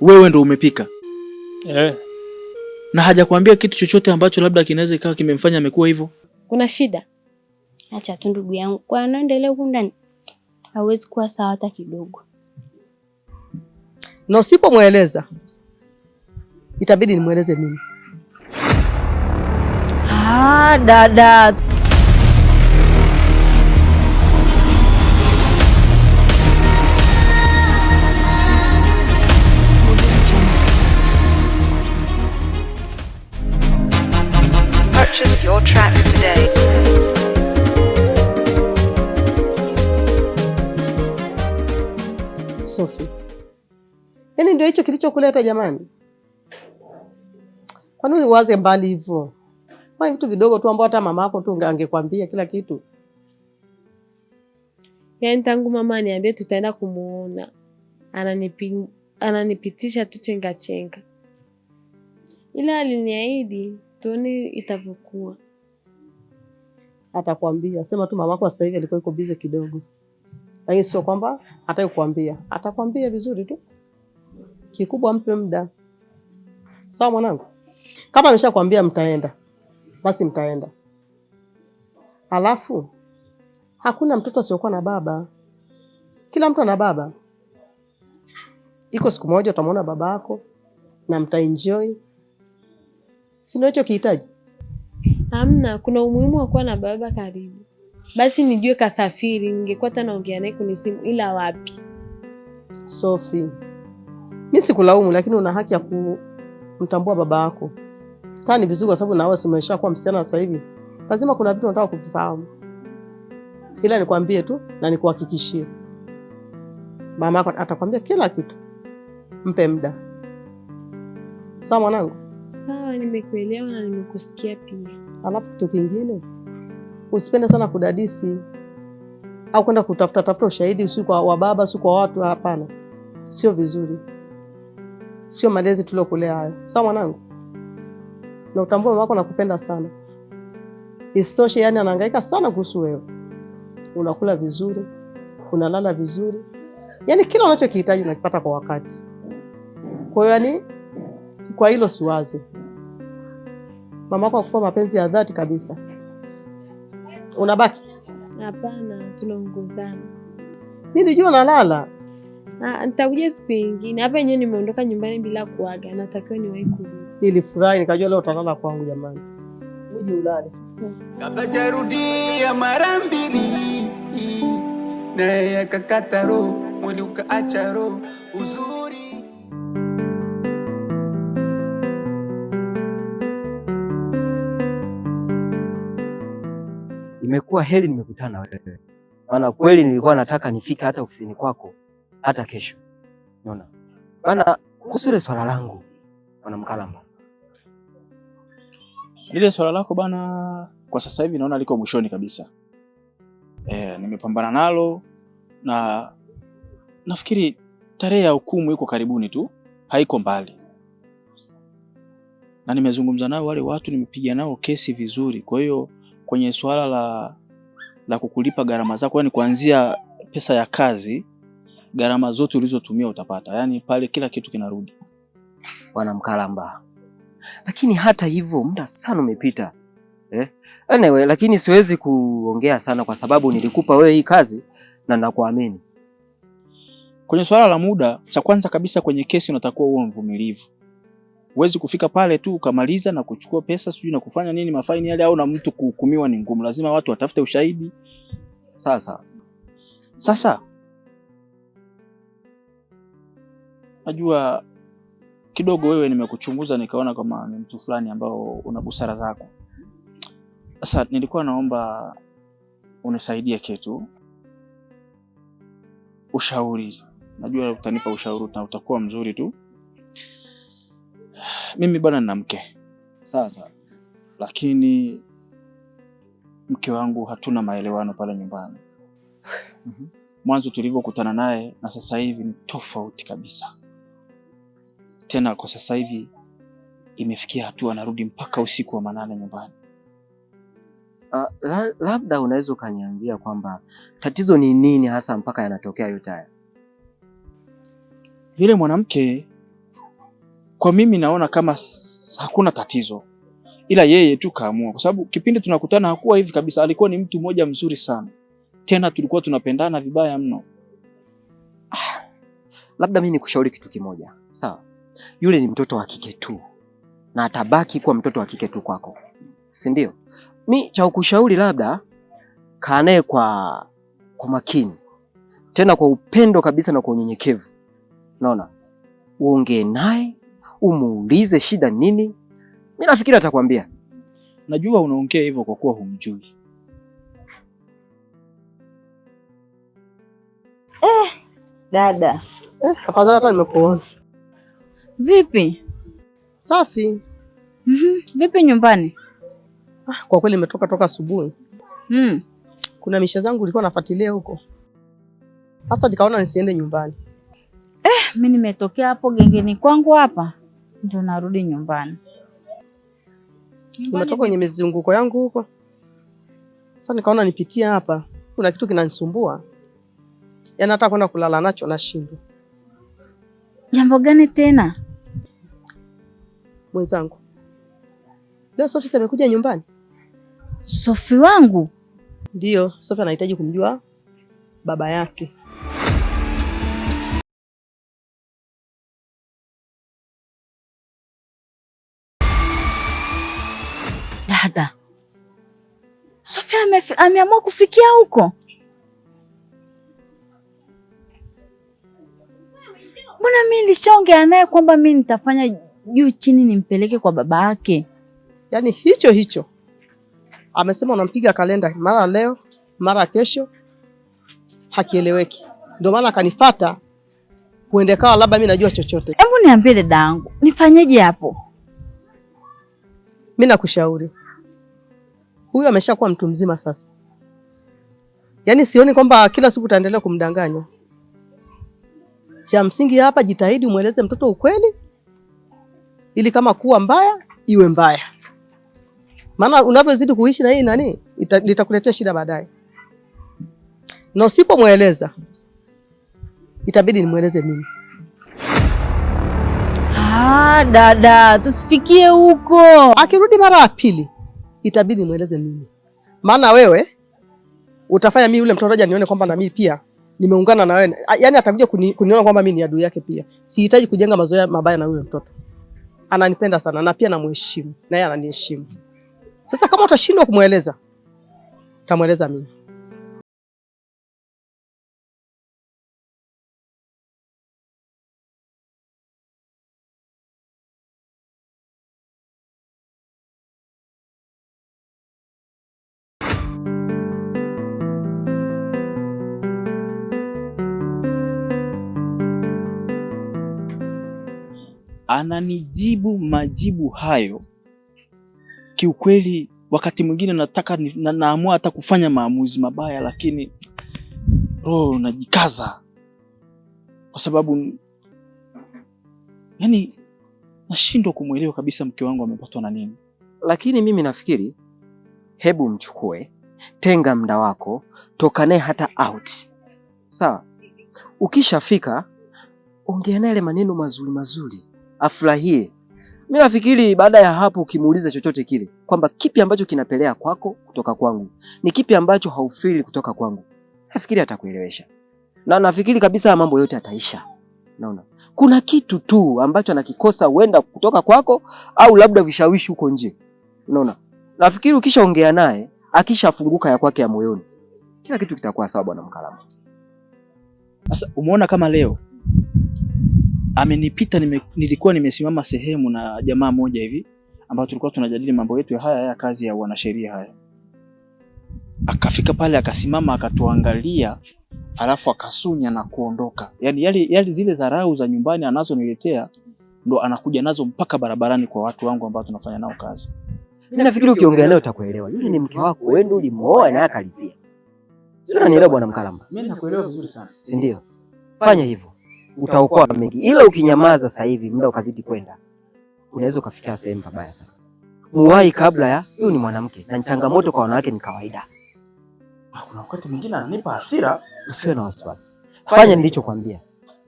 wewe ndo umepika eh. na hajakwambia kitu chochote ambacho labda kinaweza ikawa kimemfanya amekuwa hivyo. Kuna shida? Acha tu ndugu yangu, kwa anaendelea huko ndani hawezi kuwa sawa hata kidogo, na usipomweleza itabidi nimweleze mimi. Ah, dada kilichokuleta jamani? nini uwaze mbali hivyo? Kwani vitu vidogo tu ambao hata mama yako tu angekwambia kila kitu. Yaani tangu mama aniambie tutaenda kumuona, ananipi, ananipitisha tu chenga chenga, ila aliniahidi tuone itavyokuwa. Atakwambia, sema tu mamako sasa hivi alikuwa yuko bize kidogo, lakini sio kwamba hataki atakwambia vizuri tu. Kikubwa mpe muda. Sawa mwanangu, kama ameshakwambia mtaenda, basi mtaenda. Alafu hakuna mtoto asiokuwa na baba, kila mtu ana baba. Iko siku moja utamwona baba yako na mtaenjoy, si ndio hicho kihitaji? Hamna, kuna umuhimu wa kuwa na baba karibu. Basi nijue kasafiri, ningekuwa tanaongea naongea naye kwenye simu, ila wapi Sophie mi sikulaumu, lakini una haki ya kumtambua baba yako. Kaa ni vizuri, kwa sababu nawe umesha kuwa msichana sasa hivi, lazima kuna vitu unataka kuvifahamu. Ila nikwambie tu na nikuhakikishie, mama yako atakwambia kila kitu. Mpe muda, sawa mwanangu? Sawa, nimekuelewa na nimekusikia pia. Alafu kitu kingine, usipende sana kudadisi au kwenda kutafuta tafuta ushahidi, si kwa wababa, baba, si kwa watu. Hapana, sio vizuri sio malezi tuliokulea hayo. Sawa mwanangu, na utambua mama nakupenda sana. Isitoshe yani anahangaika sana kuhusu wewe. Unakula vizuri, unalala vizuri, yani kila unachokihitaji unakipata kwa wakati. Kwa hiyo yani, kwa hilo siwazi. Mama wako akupa mapenzi ya dhati kabisa. Unabaki? Hapana, tunaongozana. Mimi nijua unalala Ah, nitakuja siku ingine. Hapa yenyewe nimeondoka nyumbani bila kuaga, natakiwa niwahi kurudi. Nilifurahi nikajua leo utalala kwangu. Jamani, uje ulale. Kabajarudia mara mbili naye akakata roho, mwili ukaacha roho uzuri Imekuwa heri nimekutana na wewe, maana kweli nilikuwa nataka nifike hata ofisini kwako hata kesho. Unaona? Bana kuhusu ile swala langu bwana Mkalamba. Lile swala lako bana, kwa sasa hivi naona liko mwishoni kabisa. E, nimepambana nalo na nafikiri tarehe ya hukumu iko karibuni tu, haiko mbali. Na nimezungumza nao wale watu, nimepiga nao kesi vizuri. Kwa hiyo kwenye swala la la kukulipa gharama zako, yani kuanzia pesa ya kazi gharama zote ulizotumia utapata, yaani pale kila kitu kinarudi. Bwana Mkalamba, lakini hata hivyo muda sana umepita eh? Anyway, lakini siwezi kuongea sana kwa sababu nilikupa wewe hii kazi na nakuamini kwenye swala la muda. Cha kwanza kabisa kwenye kesi unatakiwa uwe mvumilivu, huwezi kufika pale tu ukamaliza na kuchukua pesa sijui na kufanya nini mafaini yale, au na mtu kuhukumiwa ni ngumu, lazima watu watafute ushahidi. Sasa sasa najua kidogo wewe nimekuchunguza nikaona kama ni mtu fulani ambao una busara zako. Sasa nilikuwa naomba unisaidie kitu, ushauri. Najua utanipa ushauri na utakuwa mzuri tu. Mimi bwana nina mke sasa, lakini mke wangu hatuna maelewano pale nyumbani. Mhm. Mwanzo tulivyokutana naye na sasa hivi ni tofauti kabisa. Tena kwa sasa hivi imefikia hatua narudi mpaka usiku wa manane nyumbani. Uh, la, labda unaweza ukaniambia kwamba tatizo ni nini hasa mpaka yanatokea yote haya? Yule mwanamke kwa mimi naona kama hakuna tatizo, ila yeye tu kaamua, kwa sababu kipindi tunakutana hakuwa hivi kabisa. Alikuwa ni mtu mmoja mzuri sana, tena tulikuwa tunapendana vibaya mno. Ah, labda mimi nikushauri kitu kimoja, sawa? yule ni mtoto wa kike tu na atabaki kuwa mtoto wa kike tu kwako, si ndio? Mi cha kukushauri labda kaa naye kwa, kwa makini tena kwa upendo kabisa na kwa unyenyekevu. Naona uongee naye umuulize shida nini. Mi nafikiri atakwambia. Najua unaongea hivyo kwa kuwa humjui. Eh, dada tafadhali, eh, hata nimekuona Vipi? Safi. mm -hmm. Vipi nyumbani? Ah, kwa kweli nimetoka toka asubuhi. mm. Kuna misha zangu ulikuwa nafuatilia huko, sasa nikaona nisiende nyumbani. Eh, mimi nimetokea hapo gengeni kwangu hapa ndio narudi nyumbani. Nimetoka kwenye mizunguko yangu huko, sasa nikaona nipitie hapa, kuna kitu kinanisumbua, yaani hata kwenda kulala nacho nashindwa. Jambo gani tena? Mwenzangu, leo Sofi amekuja nyumbani. Sofi wangu? Ndiyo, Sofi anahitaji kumjua baba yake. Dada, Sofi ameamua kufikia huko? Mbona mi nilishaongea naye kwamba mi nitafanya juu chini nimpeleke kwa baba yake. Yaani hicho hicho amesema unampiga kalenda mara leo mara kesho, hakieleweki. Ndio maana akanifata kuendekawa, labda mi najua chochote. Hebu niambie dada nifanyeje hapo? Mimi nakushauri, huyu ameshakuwa mtu mzima sasa, yaani sioni kwamba kila siku utaendelea kumdanganya. Cha msingi hapa, jitahidi umweleze mtoto ukweli ili kama kuwa mbaya iwe mbaya, maana unavyozidi kuishi na hii nani litakuletea shida baadaye, na usipomweleza itabidi nimweleze mimi. Ah, dada, tusifikie huko. Akirudi mara ya pili itabidi nimweleze mimi, maana wewe utafanya mimi yule mtoto aje nione kwamba na mimi pia nimeungana na wewe, yaani atakuja kuniona kwamba mimi ni adui yake pia. Sihitaji kujenga mazoea mabaya na yule mtoto ananipenda sana na pia namheshimu, na yeye ananiheshimu. Sasa kama utashindwa kumweleza, utamweleza mimi. ananijibu majibu hayo, kiukweli wakati mwingine nataka na, naamua hata kufanya maamuzi mabaya, lakini roho najikaza kwa sababu yani nashindwa kumwelewa kabisa mke wangu amepatwa na nini. Lakini mimi nafikiri hebu mchukue, tenga mda wako, toka naye hata out, sawa? Ukishafika ongea naye maneno mazuri mazuri afurahie. Mimi nafikiri baada ya hapo ukimuuliza chochote kile kwamba kipi ambacho kinapelea kwako kutoka kwangu, ni kipi ambacho haufili kutoka kwangu, nafikiri atakuelewesha na nafikiri kabisa mambo yote ataisha. Naona kuna kitu tu ambacho anakikosa huenda kutoka kwako, au labda vishawishi huko nje. Unaona, nafikiri ukishaongea naye, akishafunguka ya kwake ya moyoni, kila kitu kitakuwa sawa, bwana Mkalamu. Sasa umeona kama leo amenipita nime, nilikuwa nimesimama sehemu na jamaa moja hivi ambao tulikuwa tunajadili mambo yetu ya haya ya kazi ya wanasheria haya. Akafika pale akasimama akatuangalia, alafu akasunya na kuondoka. Yani yale yale zile dharau za nyumbani anazoniletea ndo anakuja nazo mpaka barabarani kwa watu wangu ambao tunafanya nao kazi. Mimi nafikiri ukiongea naye utakuelewa. Yule ni mke wako, wewe ndio ulimwoa na akalizia. Sio, unanielewa bwana Mkalamba? Mimi nakuelewa vizuri sana. Si ndio? Fanya hivyo utaokoa mengi, ila ukinyamaza sasa hivi muda ukazidi kwenda, unaweza ukafikia sehemu pabaya sana. Muwai kabla ya huyu. Ni mwanamke na changamoto kwa wanawake ni kawaida. Ah, kuna wakati mwingine ananipa hasira. Usiwe na wasiwasi, fanya nilichokwambia.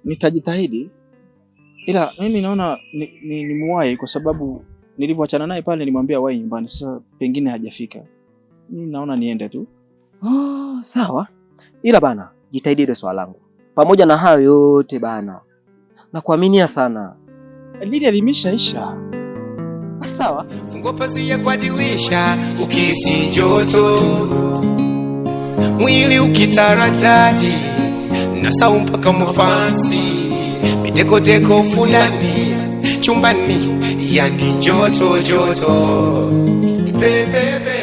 Nitajitahidi, ila mimi naona ni, ni, ni kwa sababu nilivyoachana naye pale nilimwambia wai nyumbani. Sasa pengine hajafika, mimi naona niende tu. Oh, sawa, ila bana, jitahidi ile swala langu pamoja na hayo yote bana, nakuaminia sana. Dili alimishaisha. Ah, sawa, fungua pazia kwa dirisha, ukisi joto mwili ukitaradadi na sau mpaka mafansi mitekoteko fulani chumbani, yani joto joto bebebe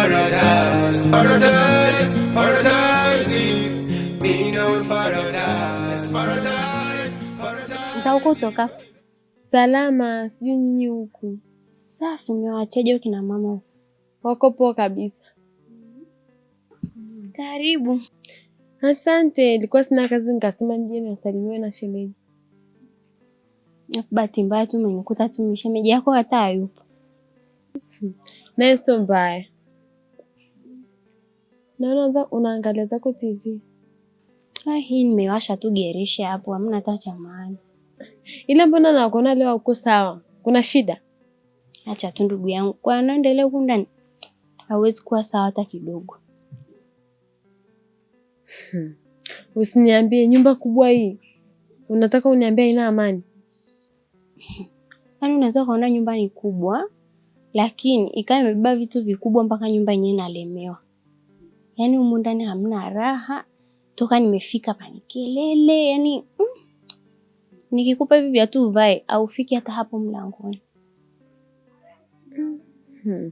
paradise, paradise, paradise, nina paradise, paradise, paradise. Za uko toka salama, sijui nyinyi huku safi. Mmewachaje kina mama? Wako poa kabisa. Karibu. Asante, ilikuwa sina kazi nikasema nije niwasalimiwe na shemeji. Bahati mbaya tu umenikuta tu, shemeji yako hata hayupo. Nayo sio mbaya Naona unaangalia zako TV. Ah, hii nimewasha tu gerisha hapo, hamna hata cha maana. Ila mbona nakuona leo uko sawa? Kuna shida? Acha tu ndugu yangu, kwa anaendelea huku ndani hawezi kuwa sawa hata kidogo. Hmm. Usiniambie nyumba kubwa hii unataka uniambie haina amani? Yaani unaweza kuona nyumba ni kubwa, lakini ikawa imebeba vitu vikubwa mpaka nyumba yenyewe inalemewa yaani humu ndani hamna raha, toka nimefika pani kelele, yani mm, nikikupa hivi viatu uvae aufiki hata hapo mlangoni. -hmm.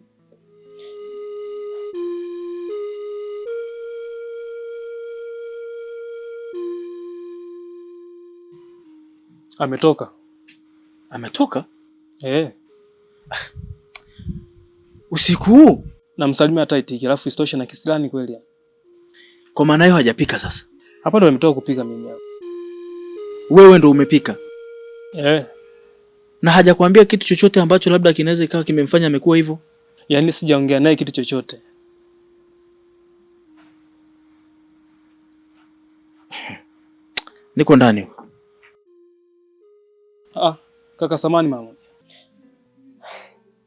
Ametoka, ametoka eh. Usiku huu namsalimia hata itiki, alafu istoshe na kisilani kweli. Kwa maana hiyo hajapika sasa. Hapa ndo ametoka kupika mimi hapa. Wewe ndo umepika. Eh. Na hajakwambia kitu chochote ambacho labda kinaweza ikawa kimemfanya amekuwa hivyo? Yaani sijaongea naye kitu chochote. Niko ndani Ah, kaka samani mama.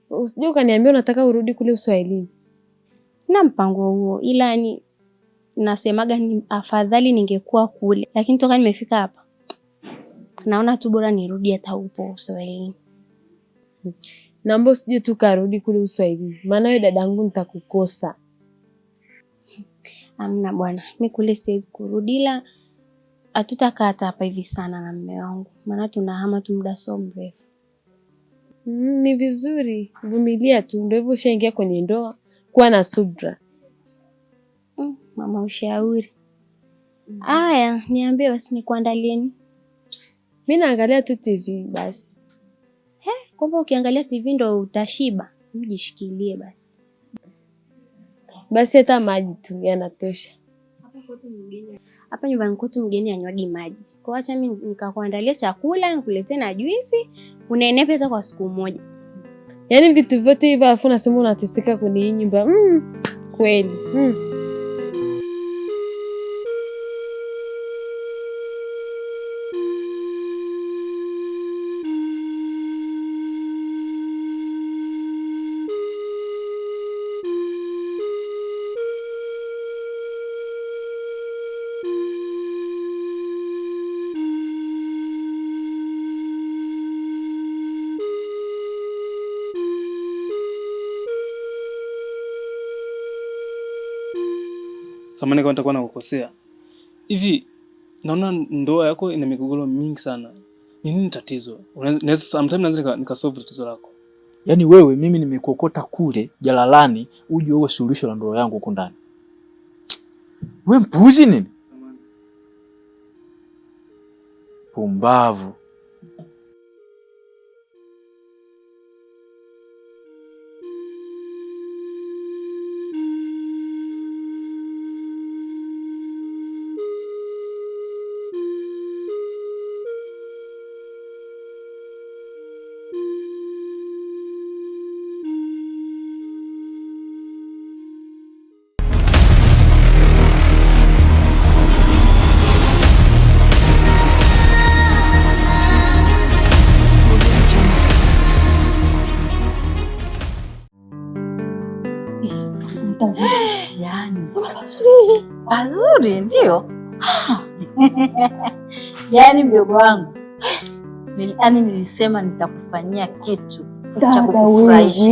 Usijua kaniambia unataka urudi kule Uswahilini. Sina mpango huo, ila yani nasemaga ni afadhali ningekuwa kule, lakini toka nimefika hapa naona tu bora nirudi hata upo Uswahilini. Naomba usije tu karudi kule Uswahilini, maana wewe dadangu nitakukosa. Amna bwana, mi kule siwezi kurudi, ila hatutakaa hata hapa hivi sana na mme wangu, maana tunahama tu muda so mrefu. Mm, ni vizuri, vumilia tu, ndio hivyo ushaingia kwenye ndoa kuwa na subra. Mm, mama ushauri. Mm. Aya, niambie basi nikuandalieni. Mi naangalia tu TV basi. He, kwamba ukiangalia TV ndo utashiba? Mjishikilie basi basi, hata maji tu yanatosha. Hapa nyumbani kwetu mgeni anywagi maji, kwa acha mi nikakuandalia chakula, nikuletee na juisi, unenepe hata kwa siku moja. Yaani vitu vyote hivyo alafu nasema unateseka nyumba Mm, kweli. Mm. samani kama nitakuwa nakukosea. Hivi naona ndoa yako ina migogoro mingi sana, ni nini tatizo? Unaweza sometimes naweza nikasolve tatizo lako. Yaani wewe mimi nimekuokota kule jalalani uje uwe suluhisho la ndoa yangu huko ndani. We mpuzi nini? Pumbavu. Pazuri ndio. Yaani mdogo wangu, yaani nilisema nitakufanyia kitu cha kukufurahisha.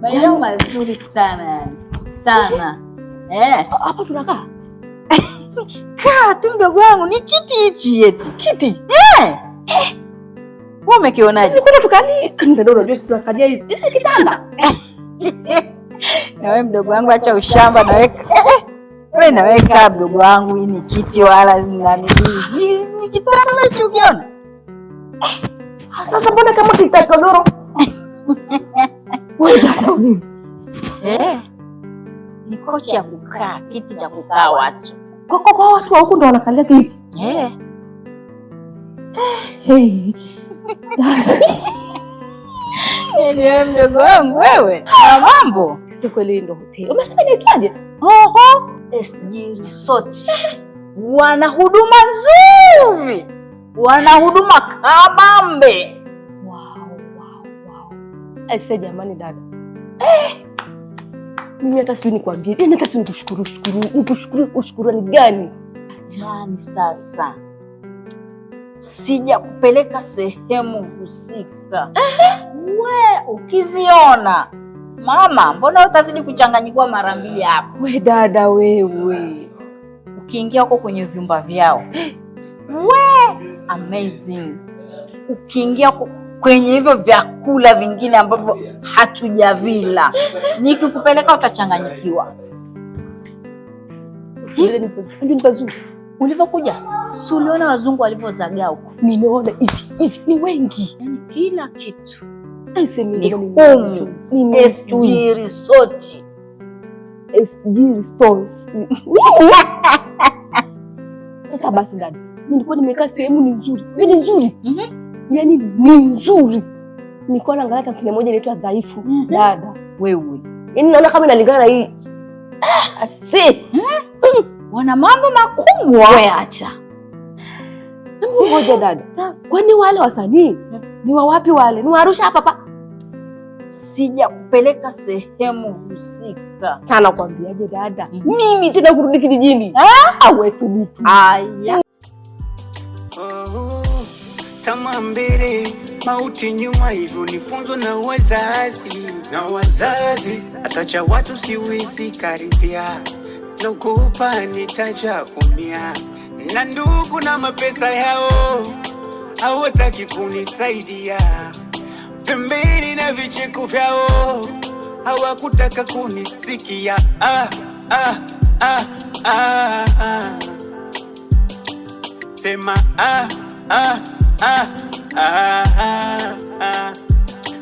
Maeneo yaani- mazuri sana yani sana. Eh, tunakaa kaa tu mdogo wangu, ni kiti hichi yeti kiti eh. Eh. umekionaje? Sisi kuna tukalii kitanda na wewe mdogo wangu, acha ushamba. na eh, eh. wewe naweka mdogo wangu, hii ni kiti wala ni kitanda hicho, ukiona ah, sasa. Mbona kama kitagodoro eh? Ni kocha kukaa, kiti cha kukaa watu kwa watu wa huko ndo wanakalia kiti eh. eh. Yaani mdogo wangu wewe na mambo. Si kweli ndo hoteli. Umesema Oho, SG Resort. Wana huduma nzuri. Wana huduma kabambe. Wow, wow, wow. Aise jamani dada. Eh. Mimi hata sijui nikwambie. Yaani hata sijui nikushukuru, shukuru, ushukuru ni gani? Jani sasa. Sija kupeleka sehemu husika we ukiziona mama, mbona utazidi kuchanganyikiwa mara mbili hapo? We dada wewe, ukiingia huko kwenye vyumba vyao we amazing, ukiingia huko kwenye hivyo vyakula vingine ambavyo hatujavila, nikikupeleka utachanganyikiwa. Ulivyokuja si uliona wazungu walivyozagaa huko? Nimeona hivi hivi, ni wengi, yani kila kitu ni Sasa basi dada, nilikuwa nimekaa sehemu ni nzuri, ni nzuri mhm. Yaani ni nzuri, nilikuwa naangalia tamthilia moja inaitwa Dhaifu. Mhm. Dada wewe, yaani naona kama inalingana na hii ah, mhm. mm Wana mambo makubwa, we acha moja dada, kwani wale wasanii ni wawapi? Wale ni Waarusha hapa hapa sijakupeleka sehemu husika sana. Kwambiaje dada, mm -hmm. mimi tena kurudi kijijini auwetu oh, tama mbele mauti nyuma, hivyo nifunzwa na wazazi na wazazi, atacha watu siwezi karibia, naogopa nitacha umia, na ndugu na mapesa yao hawataki kunisaidia pembeni na vicheko vyao hawakutaka kunisikia. Ah, ah, ah, ah, ah. Sema ah, ah, ah, ah, ah, ah.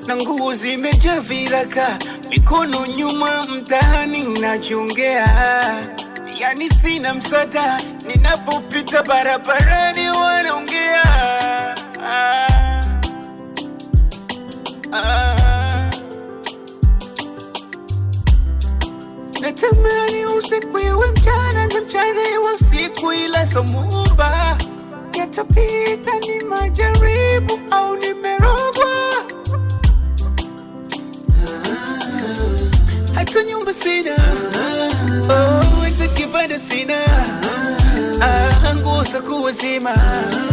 Na nguo zimejaa viraka, mikono nyuma, mtaani nachongea, yani sina msata ninapopita barabarani wanaongea ah. Natamani usiku iwe mchana na mchana iwe usiku, ila somuumba yatapita, ni majaribu au nimerogwa. Hata nyumba sina, oh, hata kibanda sina, ah, nguo za kuwazima